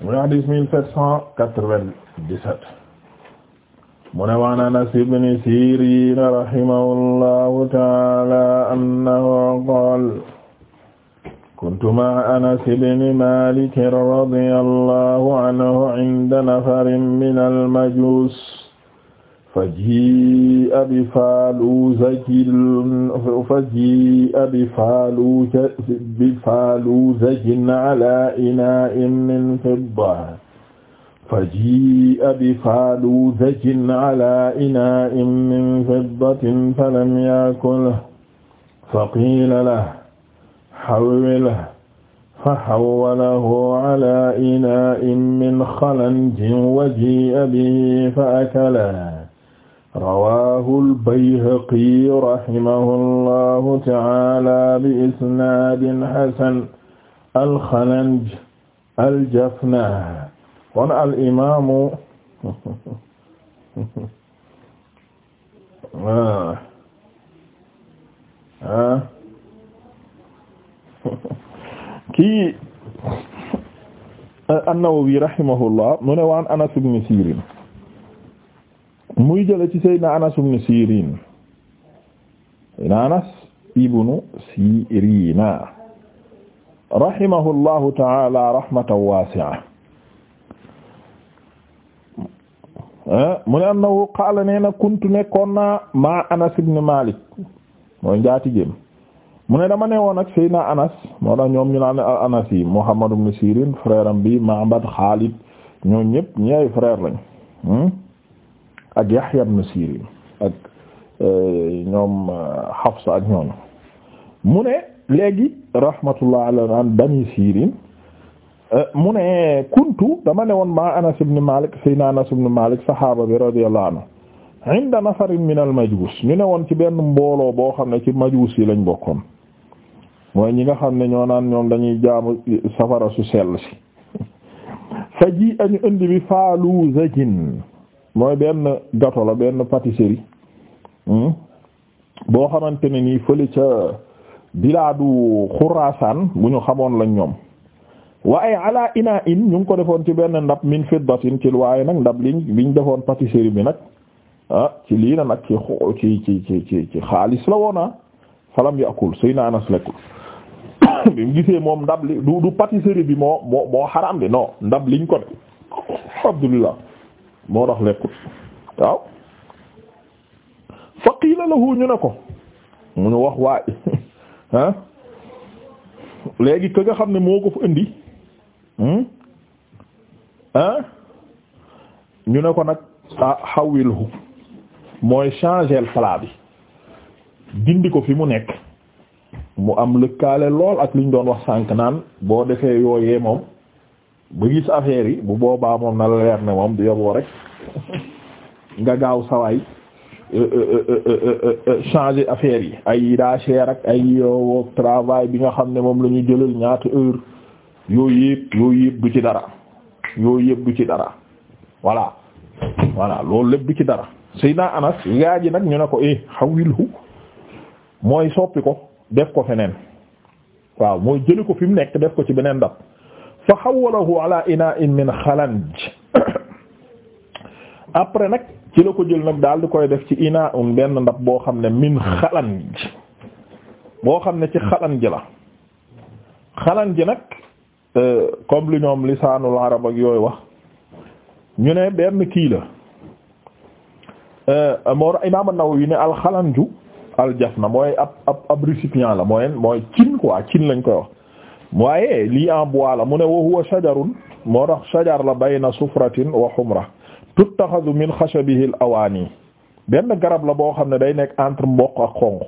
muy hadis mille sept cent quatre-vingt-dix-sept mu ne waan Anas ibn Sirin rahimahullahu taala annahu qaala kuntu ma'a Anas ibn Malik radiyallahu anhu inda nafarin minal majuus فجيء بفالوزج على إناء من فضة فجيء بفالوزج على إناء من فضة فلم يأكله فقيل له حوله فحوله على إناء من خلنج وجيء به فأكله rawaahu al-Bayhaqi rahimahullahu ta'aala bi isnaadin hasan al-Khalanj al-Jafna kon al-imaamu ah, ah. kii an-Nawawi rahimahullah mu ne waan Anas ibn Sirin mu jële ci Seydina Anas ibn Sirin Seydina Anas ibn Sirina rahimahullahu taala rahmatan wasi'a eh, mu ne annahu qaala nee na kuntu nekkoon naa ma Anas ibn Malik mooy njaati jëm mu ne dama ne woon ak Anas moo tax ñoom ñu Anas Muhammad ibn Sirin frère bi Ma'bad Khalid ñoom ñëpp ñi ay frère lañ hmm? ak Yahya ibn Sirin ak euh, ñoom euh, Hafsa ak ñooñu mu ne léegi rahmatullah ala an bani Sirin euh, mu ne kuntu dama ne woon ma Anas ibn Malik sayna Anas ibn Malik sahaaba bi radiyallahu anhu inda nafarin min ñu ne woon ci benn mbooloo boo xam ne ci majus yi lañ bokkoon mooy ñi nga xam ne ñoo naan ñoom dañuy jaamu safara su sell si añu indi bi faalu zajin mooy benn gâteau la benn pâtisserie hmm, boo xamante ne nii fële ca bilaadu Xuraasaan bu ñu xamoon lañ ñoom waaye ala ina in ñu ngi ko defoon ci benn ndab min fiddatin ci waaye nag ndab liñ biñ defoon pâtisserie bi nag ah ci lii na nag ci ci ci ci ci xaalis la woona ah, falam yakul suy na lekkul bi mu moom ndab li du du bi moo moo moo xaram bi non ndab liñ ko def Abdullah moo tax lekkut waaw fa qiila ñu ne ko mu nu wax waay ah léegi ka nga xam ne moo ko fa indi hmm, ah ñu ne ko nag ah xawilhu mooy changer plat bi dindi ko fi mu nekk mu am lëkkaale lool ak ñu doon wax sànk naan boo defee yooyee moom ba gis affaire yi bu boobaa moom na la leer ne moom du yoboo rek nga gaaw sawaay euh, euh, euh, changer affaire yi ay daa cher ak ay yow travail bi nga xam ne moom lañuy ñu jëlal ñaata heure yooyu yëpp yooyu yëpp du ci dara yoo yëpp du ci dara voilà voilà loolu lépp du ci dara naa Anas gaa ji nag ñu ne ko eh xawilhu mooy soppi ko def ko feneen waaw mooy jëli ko fi mu nekk def ko ci beneen dab fa xawalahu ala ina'in min xalanj après nag ci la ko jël nag daal di koy def ci ina'un benn ndab boo xam ne min xalanj boo xam ne ci xalanj la xalanj nag euh, comme li ñoom lisaanul arab ak yooyu wax ñu ne benn kii la euh, moor imaam an-Nawawi ne alxalanju na mooy ab ab ab récipient la mooy mooy cin quoi cin lañ koy wax waaye lii en bois la mu ne wa huwa shajarun moo tax shajar la bayna sufratin wa humra tuttaxadu min xashabihi al awaani benn garab la boo xam ne day nekk entre mboq ak xonq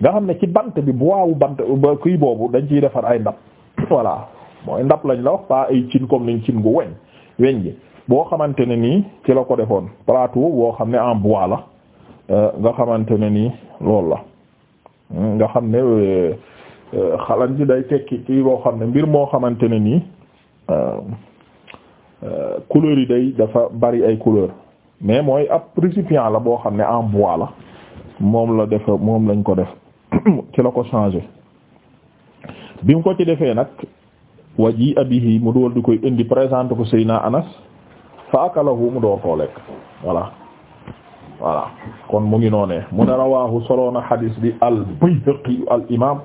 nga xam ne ci bant bi bu wu bant kii boobu dañ ciy defar ay ndab voilà mooy ndab lañ la wax pas ay cin comme niñ cin gu weñ weñ gi boo xamante ne nii ci la ko defoon plateau woo xam ne en bois la euh, nga xamante ne nii loolu la nga xam ne euh, xalan ci day tekki ci boo xam ne mbir moo xamante ne nii euh, couleur yi day dafa bari ay couleur mais mooy ab récipient la boo xam ne en bois la moom la defe lañ ko def ci la ko changé bi mu ko ci defee nag waji abihi mu dool di koy indi présenté ko Seyna Anas fa mu door koo lekk voilà voilà kon mu ngi noonee mu ne rawaahu soloona xadiis bi al Bayhaqi al imaam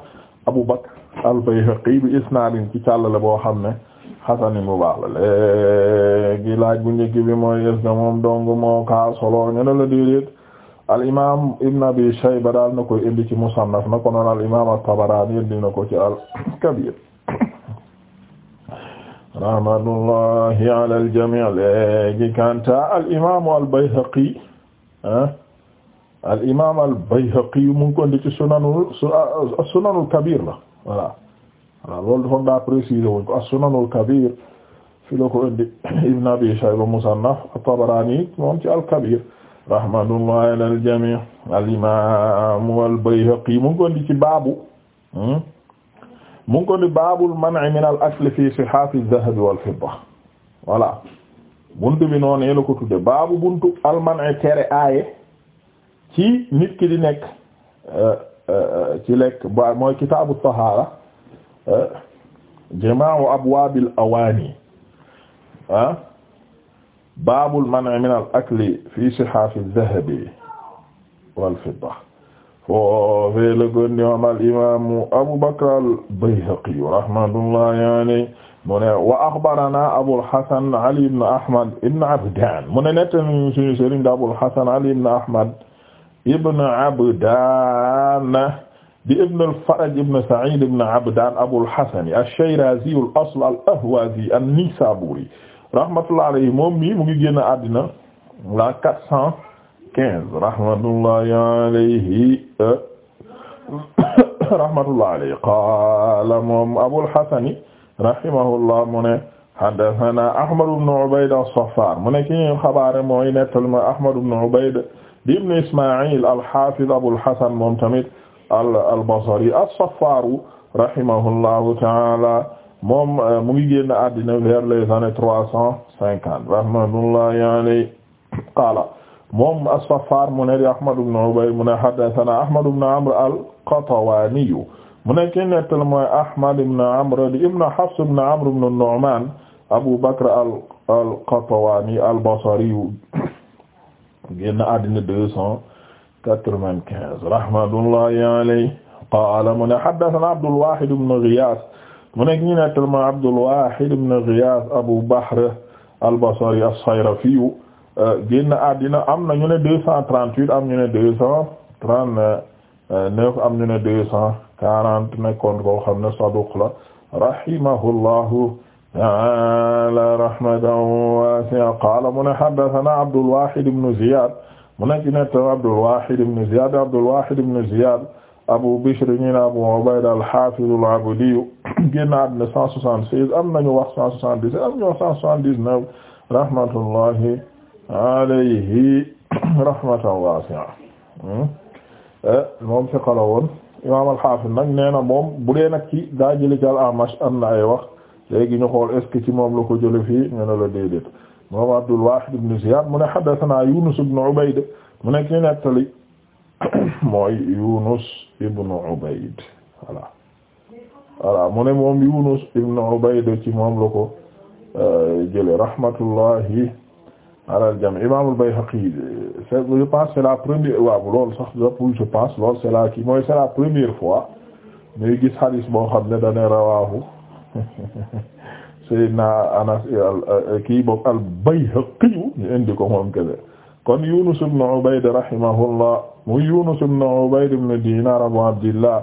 Abu Bakr al-Bayhaqi bi isnaadin ci càllale boo xam ne xasanin bu baax la laaj bu njëkk bi mooy est dong moo kaa solo ñu al imaam Ibn Abi Shayba daal na koy indi ci Musannaf na ko al imaam at-Tabarani indi na ko ci al-Kabir rahmatullahi ala al-jami' léegi al imaam al-Bayhaqi ah al imaam al Bayhaqi mu ngi ko indi ci sunanul ah, ah, sunanul Kabir la voilà voilà loolu dafa daa préciser wuñ ko as-sunanul ah, Kabir fi la ko indi Ibn Abi Shayba musannaf at-Tabarani moom ci al Kabir rahmatullahi alal jamii al imaam al Bayhaqi mu ngi ko indi ci baabu hmm? mu ngi ko indi baabul man'i min al akli fi sihaafi adh-dhahabi wal fidda voilà buntu bi noonu la ko tudde baabu buntu al man'i tere aaye. ci nit ki di nekk euh, euh, ci lekk ba mooy kitaabu tahaara jamaa'u abwaabil awaani ah baabul man'i min al akli fi sihaafi dahabi wal fidda foofee la gondi moom al imaamu Abu Bakr al Bayhaqi rahmatullahi alayhi mu ne wa axbarana Abul Hasan Ali ibn Ahmad ibn Abdaan mu ne nettali suñu sëriñ Abul Hasan Ali ibn Ahmad ibn Abdaan di ibn al-Faraj ibn Sa'id ibn Abdaan Abul Hasan ash-Shirazi al-asl al-Ahwazi an-Nisaburi rahmatullah alayhi moom mii mu ngi génn àddina la quatre cent quinze rahmatullahi alayhi euh, rahmatullah alayhi qaala moom Abul Hasan rahimahullah mu ne haddathana Ahmad ibn Ubayd as-Saffar mu ne ki ñu xabaare mooy nettal ma Ahmad ibn Ubayd di ibn Ismaïl al-Hafiz Abul Hasan moom tamit al-Basri as-Saffaaru rahimahullahu ta'ala moom euh, mu ngi génn àddina vers les années trois cent cinquante rahmatullahi alayhi qaala moom as-Saffaar mu ne di Ahmad ibn Ubayy mu ne haddathana Ahmad ibn Amr al-Qatawaani mu ne ki nettal mooy Ahmad ibn Amr di ibn Hafs ibn Amr ibn Nu'maan Abu Bakr al-Qatawaani al-Basri génn àddina deux cent quatre-vingt-quinze rahmatullahi alayhi mu ne haddathana Abdul Wahid ibn Ghiyath mu nekk ñu nettal ma Abdul Wahid ibn Ghiyath Abu Bahr al-Basri as-Sayrafi génn àddina am na ñu ne deux cent huit am ñu ne deux cent trente-neuf am ñu ne deux cent nekkoon koo xam ne saduq la ta'ala rahmatan waasi'a qaala mu ne haddasanaa Abdul Waahid ibn Ziyaad mu nekk net Abdul Waahid ibn Ziyaad Abdul Waahid ibn Ziyaad Abu Bishr ñu ne Abu Ubayd al-Haafiz al-Abdi génn àddina 176 am nañu wax 177 am nañu wax 179 rahmatullahi alayhi rahmatan waasi'a moom si qala woon imaam al-Haafiz nag nee na moom bu dee nag ci daa jëli ci al-Amash am na ay wax. léegi ñu xool est-ce que ci moom la ko jële fii ñu ne la déedéet moom Abdul Wahid ibn Ziyad mu ne hadathana Yunus ibn Ubayd mu nekk ñu nettali mooy Yunus ibn Ubayd voilà voilà mu ne moom Yunus ibn Ubayd ci moom la ko euh, jële rahmatullahi ala al jami imam al Bayhaqi c'est pense la première waaw loolu sax je pense loolu c'est kii mooy c'est première fois ñuy gis hadith boo xam ne dane rawahu Seydina Anas kii bokk al-Bayhaqi ñu indi ko moom kese kon Yunus ibn Ubayd rahimahullah muy Yunus ibn Ubayd ibn Dinar Abu Abdillah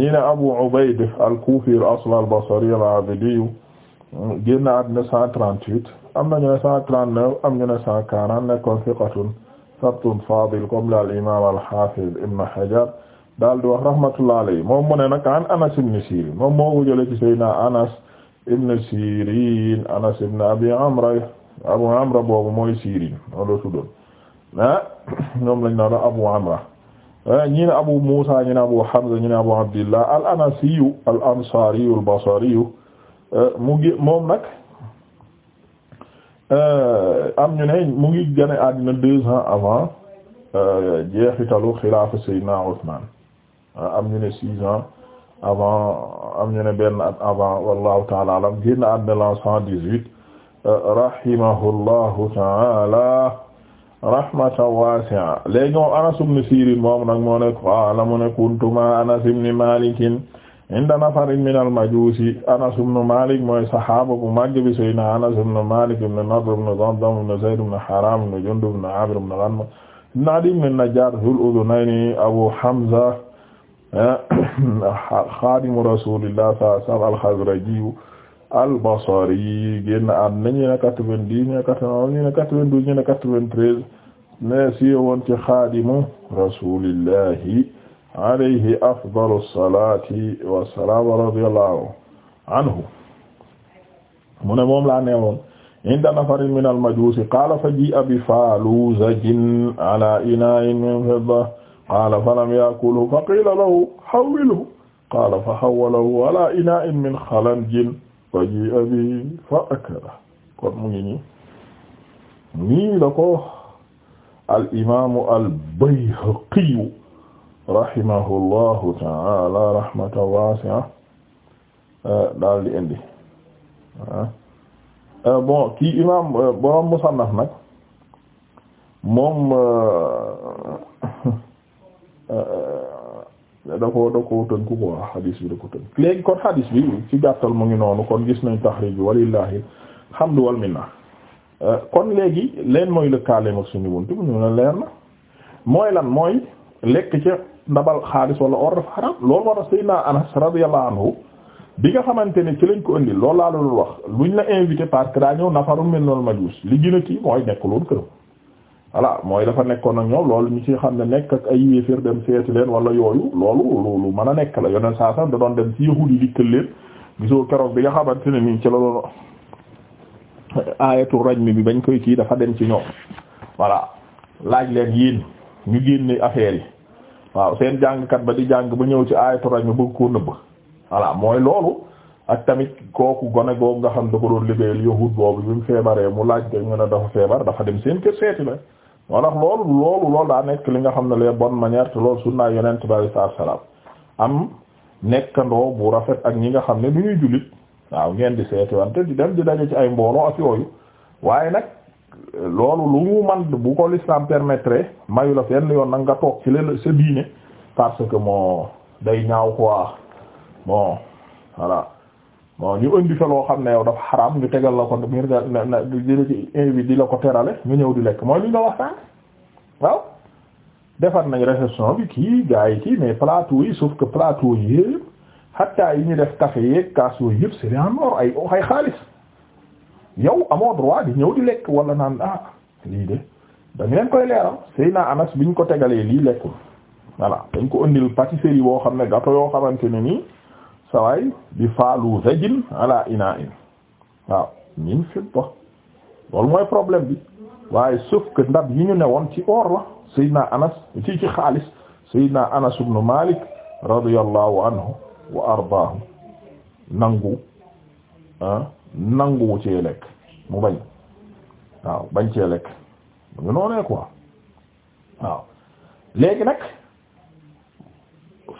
ñi ne Abu Ubayd al-Kufi al-asl al-Basri al-Abdi génn àddina 138 am na ñu ne 139 am ñu ne 140 nekkoon thiqatun sabtun fadil comme l'imam al-Hafiz Ibn Hajar daal di wax rahmatullah alayhi moom mu ne nag an Anas ibn Sirin moom moo ko jëlee ci Seydina Anas ibn Sirin Anas ibn Abi Amra Abu Amra boobu mooy Sirin loolu la tuddoon ah ñoom lañ naan Abu Amra ah, ñi ne Abu Musa ñi Abu Hamza ñi Abu Abdillah al Anasiyu al Ansariyu al Basariyu ah, mu ngi moom nag ah, am ñu ne mu ngi gane àddina deux ans avant jeexitalu xilaafa Seydina Usman Euh, am ñu ne six ans avant am ñu ne benn at avant wallahu taala alam génn àddina l'an cent dix-huit euh, rahimahullahu taala rahmatan wasi'a léegi moom Anas ibn Sirin moom nag moo ne qaala mu ne kuntu ma Anas ibn Malik inda nafarin min al-majusi Anas ibn Malik mooy saxaaba bu màgg bi Seydina Anas ibn Malik ibn Nadr ibn Damdam ibn Zayd ibn Haram ibn Jundub ibn Amr ibn Ghanm ibn Adi ibn Najjar dhul udhunayni Abu Hamza xaadimu rasuulillah sallallahu alayhi wa sallam al-Xazraji al-Basri génn am nañu ne quatre-vingt-dix ñu ne quatre-vingt-onze ñu ne quatre-vingt-douze ñu ne quatre-vingt-treize ne si woon ci xaadimu rasuulillah alayhi afdalu salaati wa salaam radiyallahu anhu mu ne moom laa ne woon inda nafarin min al-majuusi qaala fa jii'a bi faaluuzajin alaa inaa'in min fidda qaala falam yaakulhu fa qiila lahu hawwilhu qaala fa hawwalahu ala inaa'in min xalanjin fa ji'a bihi fa akala kon mu ngi nii nii la ko al imaamu al bayhaqiyu rahimahullahu ta'ala rahmatan waasi'a eh, daal di indi ah. eh, bon kii imaam eh, borom musannaf nag moom da koo da koo tënku ko waa xadis bi da ko tënk léegi kon xadis bi ci gàttal mu ngi noonu kon gis nañu nañ taxriij bi walillahi alhamdu wal minna euh, kon léegi leen mooy lëkkaaleem ak suñu buntu ñu ne leer na mooy lan mooy lekk ca ndabal xaalis wala or dafa xaram loolu war a Seydina Anas radiyallahu anhu bi nga xamante ne ci lañ ko indi loolu laa lu wax luñ la invité parce que daa ñëw nafaru min al majus li gën a kii mooy këram voilà mooy dafa nekkoon ak ñoom loolu ñu ci xam ne nekk ak ay yéeféer dem seeti leen wala yooyu loolu loolu man a nekk la yoneen saa sax da doon dem ci yahuud di dikkal leen gisoo keroog bi nga xamante ne nii ci la doon aayatu raj mi bi bañ koy kii dafa dem ci ñoom voilà laaj leen yéen ñu génne affaire yi waaw seen jàngkat ba di jàng ba ñëw ci aayatu raj mi bëgg koo nëbb voilà mooy loolu ak tamit kooku gone googu nga xam da ko doon liggéeyal yahud boobu bi mu feebaree mu laaj ko ñu ne dafa feebar dafa dem seen kër seeti la moo tax loolu loolu loolu daa nekk li nga xam ne les bonnes manières te loolu sunnaa yonent bi alayhi salaatu am nekkandoo bu rafet ak ñi nga xam ne du ñuy ngeen di seeti wante di di daje ci ay ak yooyu waaye nag loolu lu mu man bu ko l'islam permettre mayu la fenn yoon nag nga toog ci leen sa diine parce que moo day ñaaw quoi bon voilà waaw ñu indi fa loo xam ne yow dafa xaraam ñu tegal la ko ngir nga na jële ci invité la ko terale nga ñëw di lekk mooy li nga wax sànq waaw nañ réception bi kii gars yi que plateau yi yi ñu def café yeeg yëpp c'est yow amoo di ñëw lekk wala naan ah, lii de dañ koy leeral Seyna Anas biñ ko tegalee lii lekkul voilà dañ ko indi pâtisserie woo xam ne gâteau yoo xamante ne nii. sawaay bi faalu zajin ala ina in waaw min fidda loolu mooy problème bi waaye sauf que ndab yi ñu ne woon ci or la Seydina Anas ci ci xaalis Seydina Anas ibn Malik radiyallahu anhu wa ardaahu nangu ah, nangu cee lekk mu bañ waaw bañ cee lekk mu ngi noonee quoi waaw léegi nag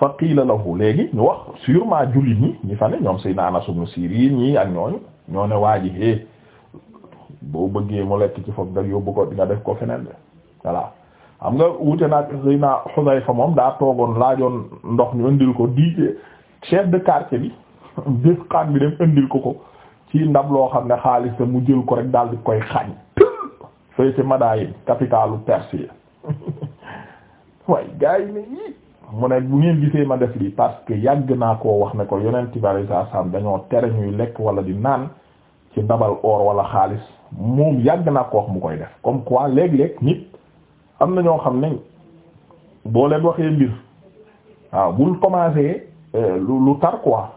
fa qiila lahu léegi ñu wax sûrement jullit ñi ñi fa ne ñoom Seydina Anas ibn Sirin ñii ak ñooñu ñoo ne waa ji boo bëggee mu lekk ci foog dag yóbbu ko nga def ko feneen de voilà xam nga wute naa Seydina Xudayfa moom daa toogoon laajoon ndox ñu indil ko di chef de quartier bi défqaan bi dem indil ko ko ci ndab loo xam ne xaalis te mu jël ko rek daal di koy xañ fay ci Madayin capitalu Perse waaye gars yi ne mu ne bu ngeen gisee ma def lii parce que yàgg naa ko wax ne ko yonent bi saa saam dañoo tere ñuy lekk wala di naan ci ndabal or wala xaalis moom yàgg naa ko wax mu koy def léeg-léeg am na ñoo xam ne boo leen waxee mbir commencer euh, lu tar quoi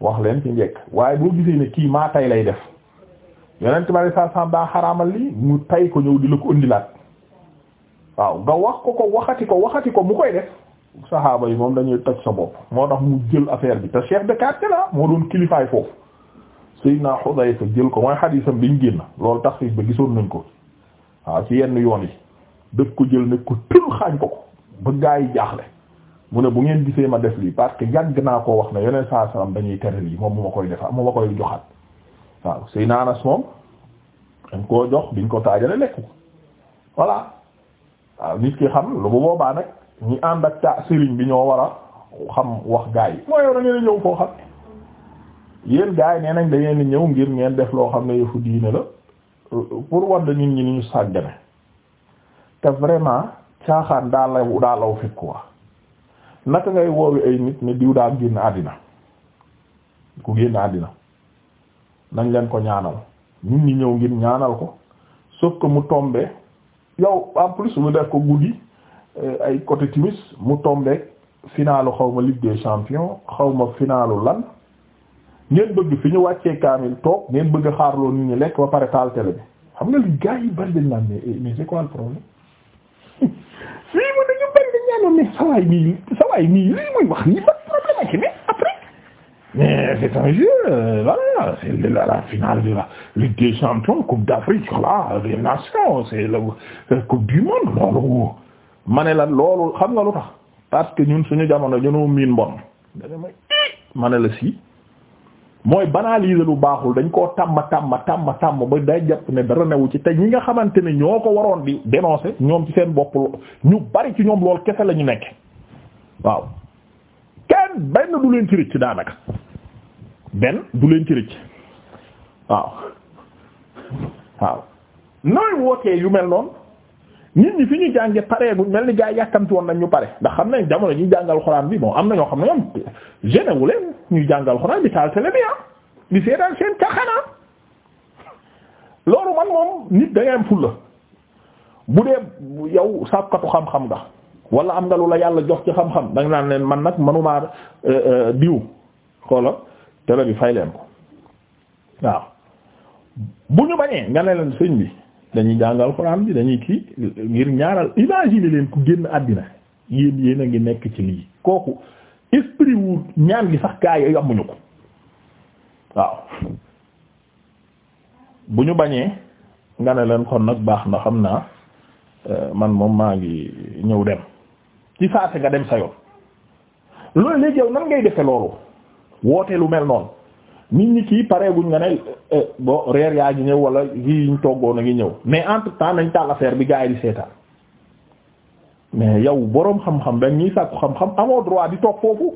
wax leen ci njekk waaye boo gisee ne kii maa tay lay def yonent bi saa saam daa xaraamal lii mu tay ko ñëw di la ko indilaat waaw nga wax ko ko waxati ko waxati ko mu koy def saxaaba yi moom dañuy toj sa bopp moo tax mu jël affaire bi te chef de quartier la moo doon kilifaay foofu Sayyidina Xudayfa jël ko mooy xadiisam biñ génn loolu tax ba gisoon nañ ko yenn yoon yi daf ko jël ne ko tël xaañ ko gaa yi jaaxle ne bu ngeen gisee ma def lii parce que yàgg naa koo wax ne yeneen saa dañuy tere moom mu ma koy defa mu ma koy joxaat waaw Sayyidina Anas moom dañ koo jox biñ ko taajale lekk ko voilà waaw nit ki xam lu bu boobaa nag ñi ànd ak ta sëriñ bi ñoo war xam wax gaa yi mooy yow da ngeen ñëw foo xam yéen gaa yi nee nañ da ngeen ñëw ngir ngeen def loo xam ne fu diine la pour war nit ñi ni ñu sàggane te vraiment caaxaan daa law daa law fekk quoi naka ngay woowi ay nit ne diw daa génn àddina ku génn àddina nañ leen ko ñaanal nit ñi ñëw ngir ñaanal ko sauf que mu tombe yow en plus mu def ko guddi Euh, ay côté timis mu tombeeg finalu xaw ma Ligue des champions xaw ma finalu lan ngeen bëgg fi ñu wàccee kaamil toog ngeen bëgg xaarloo nit ñi lekk ba pare taal télé bi xam nga li gars yi bari dañ naan mais eh, mais c'est quoi le problème fii mu ne ñu bari dañ naan mais sawaay mii sawaay mii lii muy wax nii ba problème ak ne après mais c'est un jeu euh, voilà c'est la la finale de la Ligue des champions Coupe d'Afrique voilà des nations c'est la euh, Coupe du monde loolu ma ne la loolu xam nga lu tax parce que ñun suñu jamono ñunoo miin mbon ma ne la si mooy banaliser lu baaxul dañ koo tàmm tàmm tàmm tàmm ba day jàpp ne dara newu ci te ñi nga xamante ne ñoo ko waroon di dénoncer ñoom ci seen bopp ñu bari ci ñoom lool kese la ñu nekk waaw kenn benn du leen ci rëcc daanaka benn du leen ci rëcc waaw waaw nooy wootee yu mel noonu nit ñi fi ñu jànge pareeguñ mel ni gaa yàkkamti woon nañ ñu pare ndax xam nañ jamono ñuy jàngal xuraan bi bon am na ñoo xam ne ñoom gêné wu leen ñuy jàngal xuraan bi taal télé bi ah di seetaan seen caxanaa ah. loolu man moom nit da am fulla bu dee yow sàkkatu xam-xam nga wala am nga lu la yàlla jox ci xam-xam da nga naan leen man nag manumaa euh, euh, diw xoola télé bi fay leen ko waaw bu ñu bañee nga ne leen sëñ bi dañuy jàngal Alxuraan bi dañuy kii ngir ñaaral imagine leen ku génn àddina yéen yéen a ngi nekk ci lii kooku esprit wu ñaan gi sax gaa yi amuñu ko waaw bu ñu bañee nga ne leen kon nag baax na xam naa euh, man moom maa ngi ñëw dem ci saase nga dem sa yoon loolu léegi yow nan ngay defe loolu woote lu mel noonu nit ñi kii pareeguñ nga ne eh, bon reer yaa ngi ñëw wala yi ñu toggoon a ngi ñëw mais entre temps nañ taal affaire bi gaa yi di seetaan mais yow boroom xam-xam dañ ñuy sàkku xam-xam amoo droit di toog foofu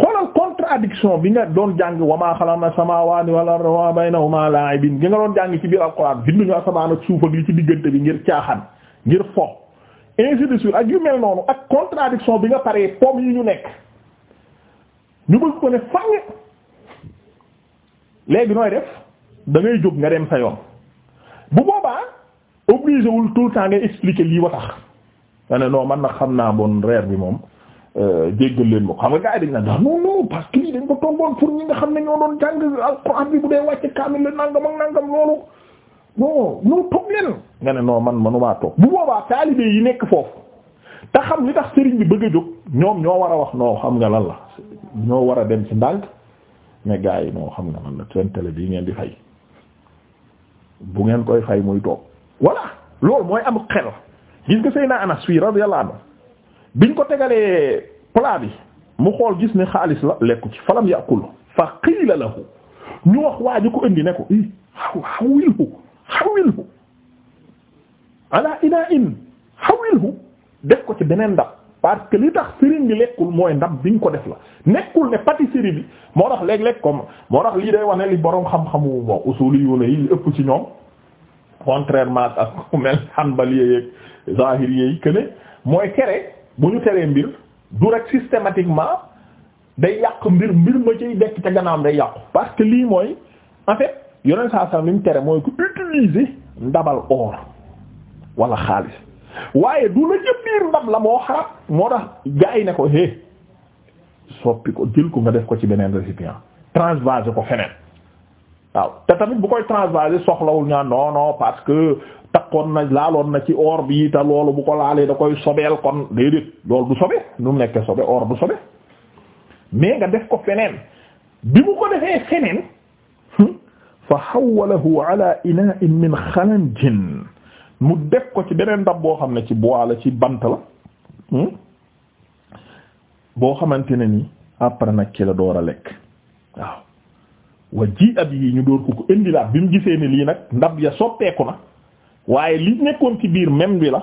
xoolal contradiction bi nga doon jàng wamaa xalaqna samaawaati wal arda wa baynahumaa laa'ibiin gi nga doon jàng ci biir alxuraan binduñu asamaan ak suuf ak ci diggante bi ngir caaxaan ngir fo ainsi de suite ak yu mel noonu ak contradiction bi nga paree pomme yi ñu nekk ko léegi nooy def da ngay jóg nga dem sa yoon bu boobaa obligé wul tout le temps ngay expliquer lii wa tax nga ne non man na xam naa bon reer bi moom euh, jéggal leen ma xam nga gars yi dañ naan non non parce ko tomboon pour ñi nga xam ne ñoo doon jàng alxuraan bi bu dee wàcc kaamil la nangam ak nangam loolu non non leen nga ne noo man manumaa toog bu boobaa taalibe yi nekk foofu te xam li tax sëriñ bi bëgg a jóg ñoom ñoo war a wax noo xam nga lan la ñoo war a dem ci ndànk mais gars yi moo xam nga man la seen télé bii ngeen di fay bu ngeen koy fay muy toog voilà loolu mooy am xel gis nga Seydina Anas fii radiyallahu anhu biñ ko tegalee plat bi mu xool gis ne xaalis la lekku ci falam yàqul fa qiila lahu ñu wax waa ko indi ne ko i aw hawilhu hawilhu ala ina in hawilhu def ko ci beneen ndab parce que li tax sëriñ bi lekkul mooy ndam ñu ko def la nekkul ne pâtisserie bi moo tax léeg-léeg comme moo tax lii day wax ne li boroom xam-xamu bon usuli yoona yi ëpp ci ñoom contrairement ak ku mel hanbali yeeg zahiri yeeg que ne mooy kere bu ñu teree mbir du rek systématiquement day yàq mbir mbir ma ciy dekk ca gannaawam day yàqu parce que lii mooy en fait yoneen saa saa li tere mooy ku utiliser ndabal or walla xaalis waaye du la ca biir la moo xarab moo tax gaa ne ko hé soppi ko jël ko nga def ko ci beneen récipient transvasé ko feneen waaw te tamit bu koy transvasé soxlawul ñaan non parce que takkoon na laaloon na ci or bi te loolu bu ko laalee da koy sobeel kon déedéet loolu du sobe nu nekkee sobe or du sobe mais nga def ko feneen bi mu ko defee feneen hmm, fa xawalahu ala ina'in min xalanjin mu def ko ci beneen ndab boo xam ne ci bois ci bant la hmm? boo xamante ne ni après nag ci la door a lekk waaw wa ji ab yi ñu door ko ko indilaat bi mu gisee ni lii nag ndab ya soppeeku na waaye li nekkoon ci biir même bi la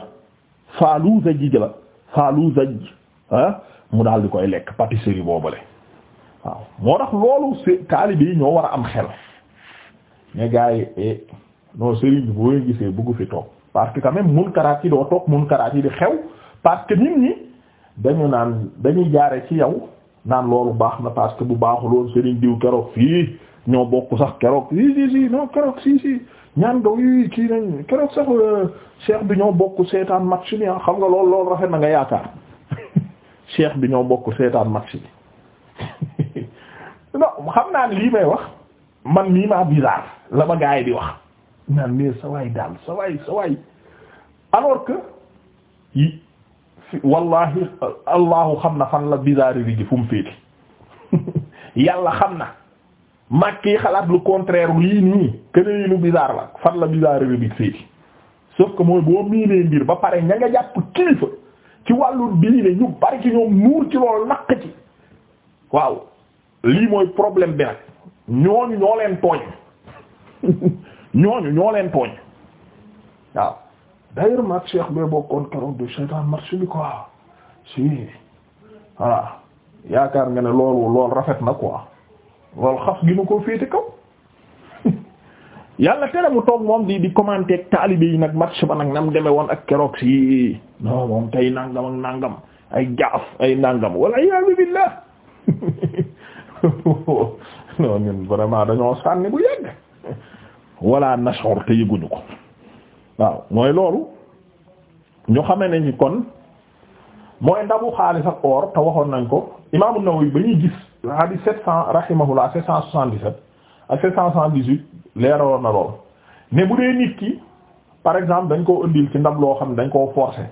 faalu zaj la faalu zaj ah mu daal di koy lekk pâtisserie boobule waaw moo tax loolu si taalibe ñoo war a am xel mais gars yi eh, non Serigne boo gisee bëggu fi toog parce que quand même munkaraat yi doo toog munkaraat yi di xew parce que nit ñi dañu naan dañuy jaare ci yow naan loolu baax na parce que bu baaxuloon Serigne diw keroog fii ñoo bokk sax keroog si si si si si kii nañ keroog sax euh, cheikh bi ñoo bokk seetaan match bi ah, xam nga loolu loolu rafet na nga yaakaar cheikh bi ñoo bokk seetaan match bi non xam naa lii may wax man mii maa bizarre la ma gaay di wax naan mais sa daal sa waay alors que yi wallahi allahu xam na fan la bizarre gi fu mu féete yàlla xam na màkk yi xalaat lu contraire lii nii keneen lu bizarre la fan la bizarre gi féete sauf que mooy boo miinee mbir ba pare ña nga jàpp kilifa ci wàllu diine ñu bari ci ñoom nuur ci loolu naq ci waaw lii mooy problème bi nag ñooñu ñoo leen tooñ ñooñu ñoo leen tooñ waaw d'ailleurs mat cheikh ba bokkoon keroog de cheytan match bi quoi si yaakaar nga ne loolu lool rafet na quoi loolu xas gi nu ko féete kaw yàlla tere mu toog moom di di commenter ak taalibe yi nag match ba nag nam deme woon ak keroog si non moom tey nangam ak nangam ay jaaf ay nangam wala iyaazu billah non ñun vraiment dañoo sànni bu yàgg wala nashor te yëguñu ko waaw mooy loolu ñu xamee nañu kon mooy ndabu xaalis ak or te waxoon nañ ko Imaam An-Nawawi ba ñuy gis hadith sept cent rahimahullah sept cent soixante-dix-sept ak sept cent dix huit leeraloon na lool ne bu dee nit ki par exemple dañ koo indil ci ndab loo xam ne dañ koo forcer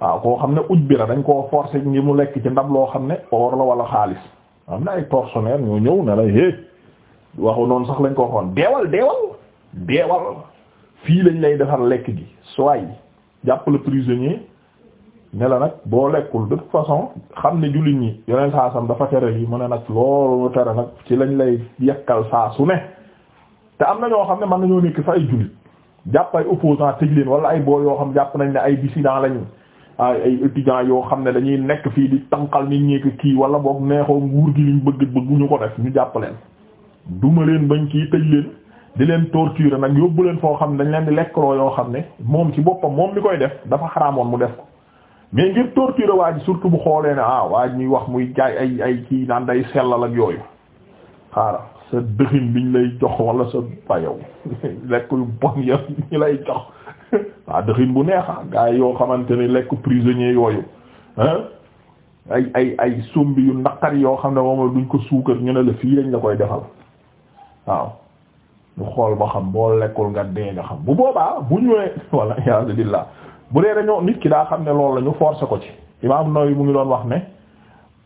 waaw koo xam ne uj bi la dañ koo forcer ngir mu lekk ci ndab loo xam ne or la wala xaalis am na ay tortionnaire ñoo ñëw ne la é waxu noonu sax lañ ko waxoon deewal deewal deewal fii lañ lay defar lekk gi soit jàpp le prisonnier ne nag boo lekkul de toute façon xam ne jullit ñi yeneen saasam dafa tere yi mu ne nag loolu tere nag ci lañ lay yekkal saa su ne te am na ñoo xam ne mën nañoo nekk fa ay jullit jàpp ay opposant tëj leen wala ay boo yoo xam jàpp nañ ne ay dissident lañ ay ay yoo xam ne dañuy nekk fii di ni nit ñi kii wala boog neexoo nguur gi liñ bëgg bëgguñu ko def ñu jàpp leen duma leen bañ kii tëj leen. di leen torturer nag yóbbu leen foo xam ne dañ leen di lekkloo yoo xam ne moom ci boppam moom li koy def dafa xaraamoon mu def ko mais ngir torturer waa ji surtout bu xoolee ne ah waa ñuy wax muy jaay ay ay kii naan day sellal ak yooyu xaaral sa dëxin biñ lay jox wala sa bayow lekk yu bon ya ñu lay jox waa dëxin bu neexa ah gaa yoo xamante ni lekk prisonnier yooyu ay ay ay sombi yu naqari yoo xam ne moom duñ ko suukar ñu ne la fii lañ la koy defal waaw ñu xool ba xam boo lekkul nga dee nga xam bu boobaa bu ñëwee walla iyaazu billaah bu dee dañoo nit ki daa xam ne lool la ñu forcer ko ci imaam Nawawi mu ngi doon wax ne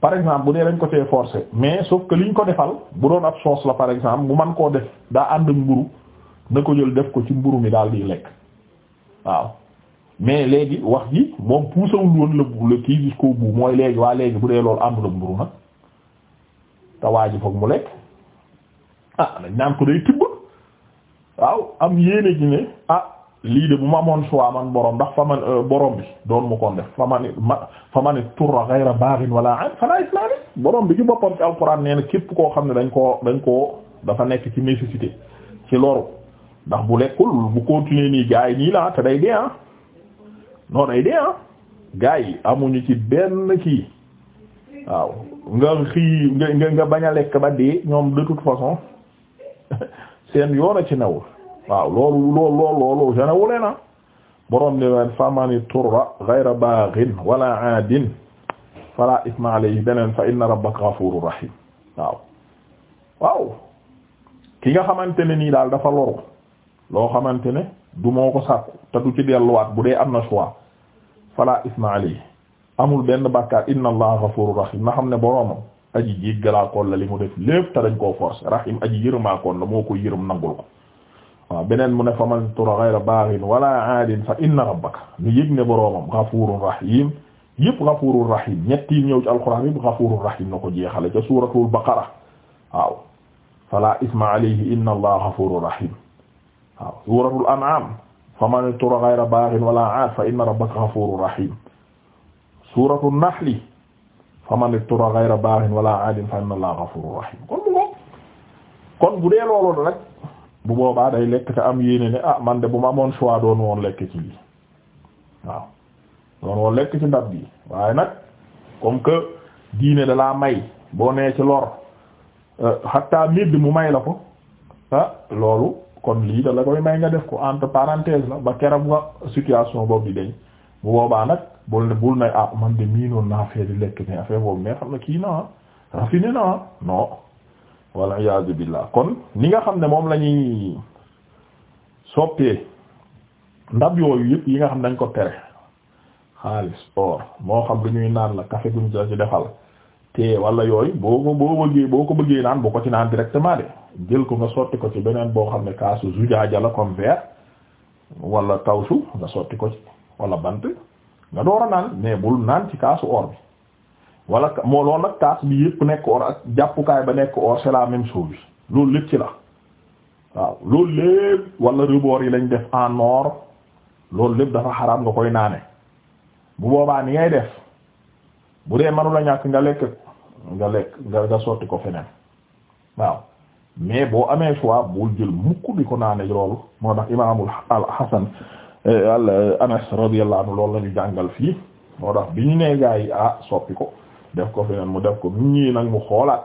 par exemple bu dee dañ ko cee forcer mais sauf que liñ ko defal bu doon ab sauce la par exemple mu man koo def daa ànd mburu na ko jël def ko ci mburu mi daal di lekk waaw mais léegi wax ji moom puusawul woon la kii jusqu'au bout mooy léegi waa léegi bu dee loolu àndul ak mburu nag te waa ji foog mu lekk ah waaw am yéene ji ah lii de bu ma amoon choix man borom ndax fa man euh, borom bi doon mu koon def fa man fa man turra ghayra baghin wala an fala islami borom bi ci boppam ci alquran nee képp koo xam ne dañ koo dañ koo dafa nekk ci nécessité ci loru ndax bu lekkul bu continuer nii gars yi nii la te day dee ah non day dee ah gars yi amuñu ci benn kii waaw nga xii nga nga bañ a lekk ba dee ñoom de toute façon seen yoon ci newul waaw loolu lool lool loolu genewule na borom ne wen famani turra ghayra baghin wala aadin fala isma alayhi beneen fa inna rabbaka ghafurur rahim waaw waaw ki nga xamante ne nii daal dafa loru loo xamante ne du moo ko sàkku te du ci delluwaat bu dee am na choix fala isma alayhi amul benn bàkkaar inna allaha ghafurur rahim na xam ne boromam aji jiit galaakoon la li mu def lépp te dañ koo forcé rahim aji la moo ko yërëm nangul ko waaw beneen mu ne fa man tura ghayra baghin wala aadin fa inna rabbaka ñu yëg ne boroomam ghafurur rahim yëpp ghafurur rahim ñetti ñëw ci alquran yëpp ghafurur rahim na ko jeexale ca suratul baqara waaw fala isma alayhi inna allaha ghafurur rahim waaw suratul an'am fa man ittura ghayra baaxin wala aadin fa inna allaha rahim kon bu ko kon bu dee loolu rek bu boobaa day lekk te am yéene ne ah man de bu ma amoon choix doon woon lekk ci lii waaw doon woon lekk ci ndab bi waaye nag comme que diine dalaa may boo nee ci lor xatta euh, midd mu may la ko ah loolu kon lii da la koy may nga def ko entre parenthèse la ba keram nga situation boobu di deñ bu boobaa nag bul ne bul ne ah man de miinoon naa fee di lekk mais affaire boobu mais xam na kii naa raffiné naa non wal iyaazu billah kon ni nga xam ne moom la ñuy soppee ndab yooyu yëpp yi nga xam dañ ko tere xaalis or moo xam lu ñuy naan la café guñ sa ci defal te wala yooyu boo ko boo bëggee boo ko bëggee naan bu ko ci naan directement de jël ko nga sotti ko ci beneen boo xam ne kaasu zujaaja la comme verre walla kawsu nga sotti ko ci wala bant nga door a naan mais bul naan ci kaasu or bi wala moo loolu nag kaas bi yëpp nekk or ak jàppukaay ba nekk or c'est la même chose loolu lépp ci la waaw loolu lépp wala rebord yi lañ def en or loolu lépp dafa xaraam nga koy naane bu boobaa ni ngay def bu dee manu la ñàkk nga lekk nga lekk nga sotti ko feneen waaw mais boo amee choix bul jël mukk di ko naane loolu moo tax imaamul al Hasan Eh, eh, Anas radiyallahu anhu loolu la ñu jàngal fii moo tax bi ñu nee yi ah soppi ko def ko feneen mu def ko mu ñii nag mu xoolaat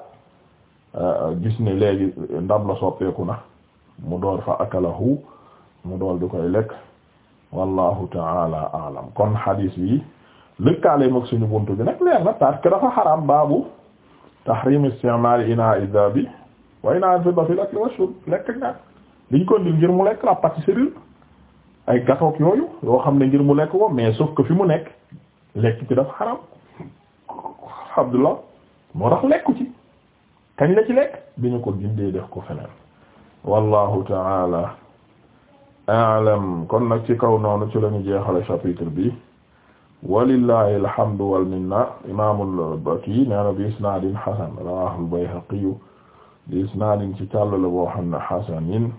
eh, gis ni léegi ndab la soppeeku na mu door fa akalahu mu door di koy lekk wallahu taala alam kon hadis bi lëkkaale mag suñu buntu bi nag leer na parce dafa xaram baabu tahrim isti'mal ina idabi wa ina fi dafil akli wa shurb lekk ak liñ ko ndil ngir mu lekk la pâtisserie ay gatoog yooyu yoo xam ne ngir mu lekk ko mais sauf que fi mu nekk lekk ci dafa xaram Abdullah moo tax lekku ci kañ la ci lekk bi ñu ko gindee def ko feneen wallahu taala a'lam kon nag ci kaw noonu ci la ñu jeexale chapitre bi walillahi alhamdu wal minna imaamul Baki nee na bi isnaadin hasan rawaahul Bayhaqi bi isnaadin ci càllale boo xam ne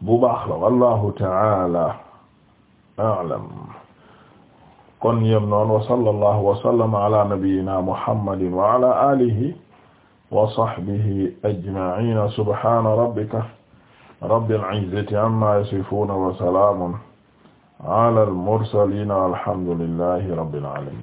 bu baax la wallahu ta'ala a'lam kon yem noon wa sallallahu wa sallama ala nabiyyina muhammadin wa ala alihi wa sahbihi ajma'in subhana rabbika rabbil izzati amma yasifun wa salamun ala al mursalin walhamdulillahi rabbil alamin